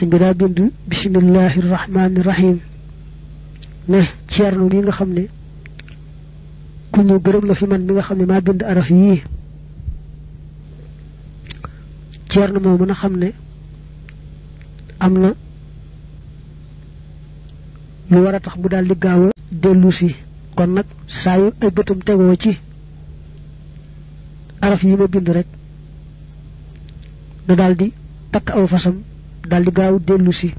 suñ bi daa bind bismillahi rahmani rahim ne ceernu mi nga xam ne ku ñu gërëm la fi man mi nga xam ne maa araf yii ceernu moo mën a xam ne am tax di gaaw a dellu kon nag saa ay bëtam tegoo ci araf yi ma bind rek na daal di takk aw fasam daldi gaaw dellu si